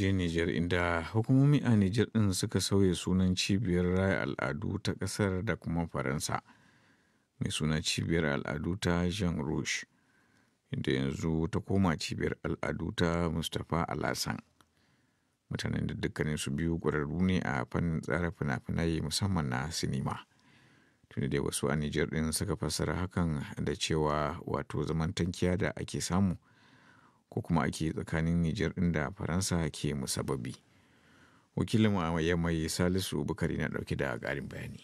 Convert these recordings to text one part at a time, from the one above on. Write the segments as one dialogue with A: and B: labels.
A: je Nijar inda hukumomi a Nijar ɗin suka sauya sunan cibiyar raya al'adu ta ƙasar da kuma Faransa mai suna cibiyar al'adu ta Jean Rouge inda yanzu ta koma cibiyar al'adu ta Mustapha Alasan. Mutanen da dukkanin su biyu ƙwararru ne a fannin tsara fina-finai musamman na sinima. Tunda dai wasu a Nijar ɗin suka fassara hakan da cewa wato zaman tankiya da ake samu. ko kuma ake tsakanin Nijar inda Faransa ke musababi. Wakilin a mai Salisu Bukari na ɗauke da ƙarin bayani.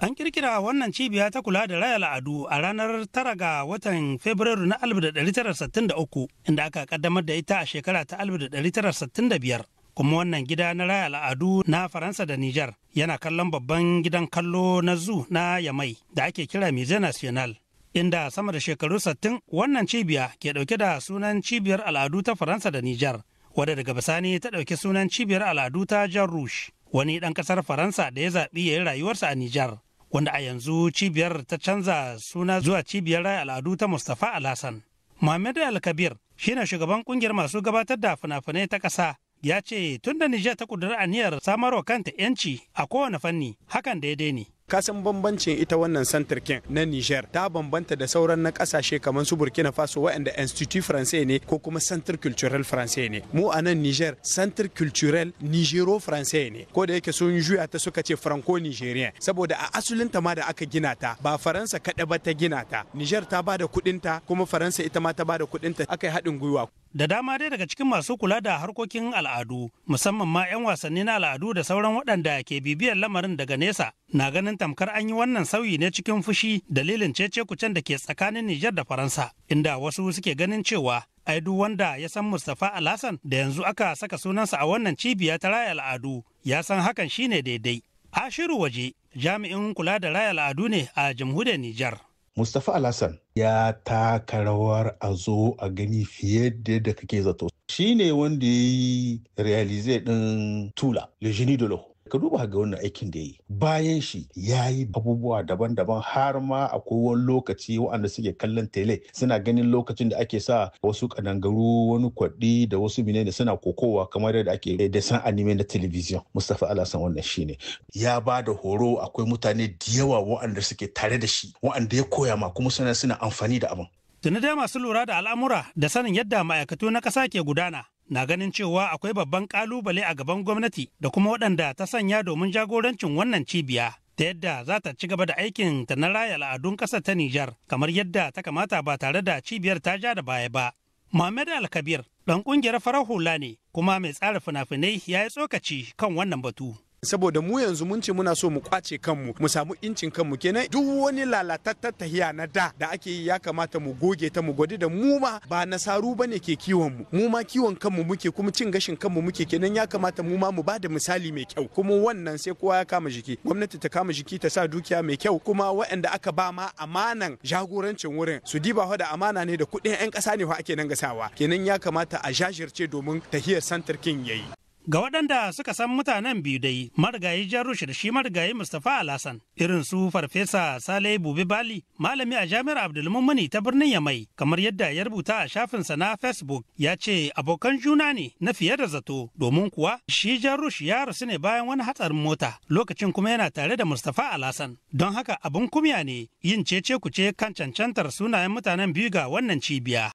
B: An kirkira wannan cibiya ta kula da raya al'adu a ranar tara ga watan Fabrairu na 1963 inda aka kaddamar da ita a shekara ta 1965. Kuma wannan gida na raya al'adu na Faransa da Nijar yana kallon babban gidan kallo na zu na Yamai da ake kira Musée National. inda sama da shekaru 60 wannan cibiya ke dauke da sunan cibiyar al'adu ta faransa da nijar wadda daga bisani ta dauki sunan cibiyar al'adu ta jan rush wani dan kasar faransa da ya zaɓi ya yi rayuwarsa a nijar wanda a yanzu cibiyar ta canza suna zuwa cibiyar raya al'adu ta mustapha alhassan muhammadu alkabir shine shugaban kungiyar masu gabatar da fina-finai ta ƙasa ya ce tun da nijar ta a aniyar samarwa kanta 'yanci a kowane fanni
C: hakan daidai ne kasan bambancin ita wannan santarkin na niger ta bambanta da sauran na kasashe kamar su burkina faso waɗanda institut francais ne ko kuma centre culturel francais ne mu a nan niger centre culturel nigero francais ne ko da yake sun juya ta suka ce franco nigerien saboda a asulin ta ma da aka gina ta ba faransa kaɗai ba ta gina ta niger ta ba da kuɗinta kuma faransa ita ma ta ba da kuɗinta aka yi haɗin gwiwa da dama dai daga cikin masu kula da
B: harkokin al'adu musamman ma 'yan wasanni na al'adu da sauran waɗanda ke bibiyar lamarin daga nesa na ganin tamkar an yi wannan sauyi ne cikin fushi dalilin cece kucen da ke tsakanin Nijar da Faransa inda wasu suke ganin cewa ai duk wanda ya san Mustapha Alhassan da yanzu aka saka sunansa a wannan cibiya ta raya al'adu ya san hakan shine daidai. Ashiru waje jami'in kula da raya al'adu ne a jamhuriyar Nijar.
D: Mustapha Alassan ya taka rawar a zo a gani fiye da yadda kake zato. Shi ne wanda ya yi realize ɗin Tula, Le Genie de ka duba ga wannan aikin da ya yi bayan shi ya yi abubuwa daban-daban har ma akwai wani lokaci waɗanda suke kallon tele suna ganin lokacin da ake sa wasu kanangaru wani kwaɗi da wasu da suna kokowa kamar yadda ake eh, da san anime na television Mustapha Alasan wannan shine ya ba da horo akwai mutane da yawa waɗanda suke tare da shi waɗanda ya koya ma kuma suna suna amfani da abin.
B: Tuni dai masu lura da al'amura da sanin yadda ma'aikatu na ƙasa ke gudana na ganin cewa akwai babban kalubale a gaban gwamnati da kuma waɗanda ta sanya domin jagorancin wannan cibiya ta yadda za ta ci gaba da aikin ta na raya al'adun ƙasar ta Nijar kamar yadda ta kamata ba tare da cibiyar ta ja da baya ba. Muhammad Alkabir ɗan ƙungiyar farar hula ne kuma
C: mai tsara fina-finai ya yi tsokaci kan wannan batu. saboda mu yanzu mun ce muna so mu kwace kanmu mu samu incin kanmu kenan duk wani lalatattar tahiya na da da ake yi ya kamata mu goge ta mu gwadi da mu ma ba nasaru ba ne ke kiwon mu mu ma kiwon kanmu muke kuma cin gashin kanmu muke kenan ya kamata mu ma mu ba da misali mai kyau kuma wannan sai kowa ya kama jiki gwamnati ta kama jiki ta sa dukiya mai kyau kuma waɗanda aka ba ma amanan jagorancin wurin su diba da amana ne da kuɗin 'yan ƙasa ne fa ake nan gasawa kenan ya kamata a jajirce domin tahiyar santarkin king yayi
B: ga waɗanda suka san mutanen biyu dai marigayi jarushi da shi marigayi mustapha alhassan irin su farfesa sale bubi bali malami a jami'ar abdulmumuni ta birnin yamai kamar yadda ya rubuta a shafinsa na facebook ya ce abokan juna ne na fiye da zato domin kuwa shi jarushi ya rasu ne bayan wani hatsarin mota lokacin kuma yana tare da mustapha alhassan don haka abin kumya ne yin cece kuce kan cancantar sunayen mutanen biyu ga wannan cibiya.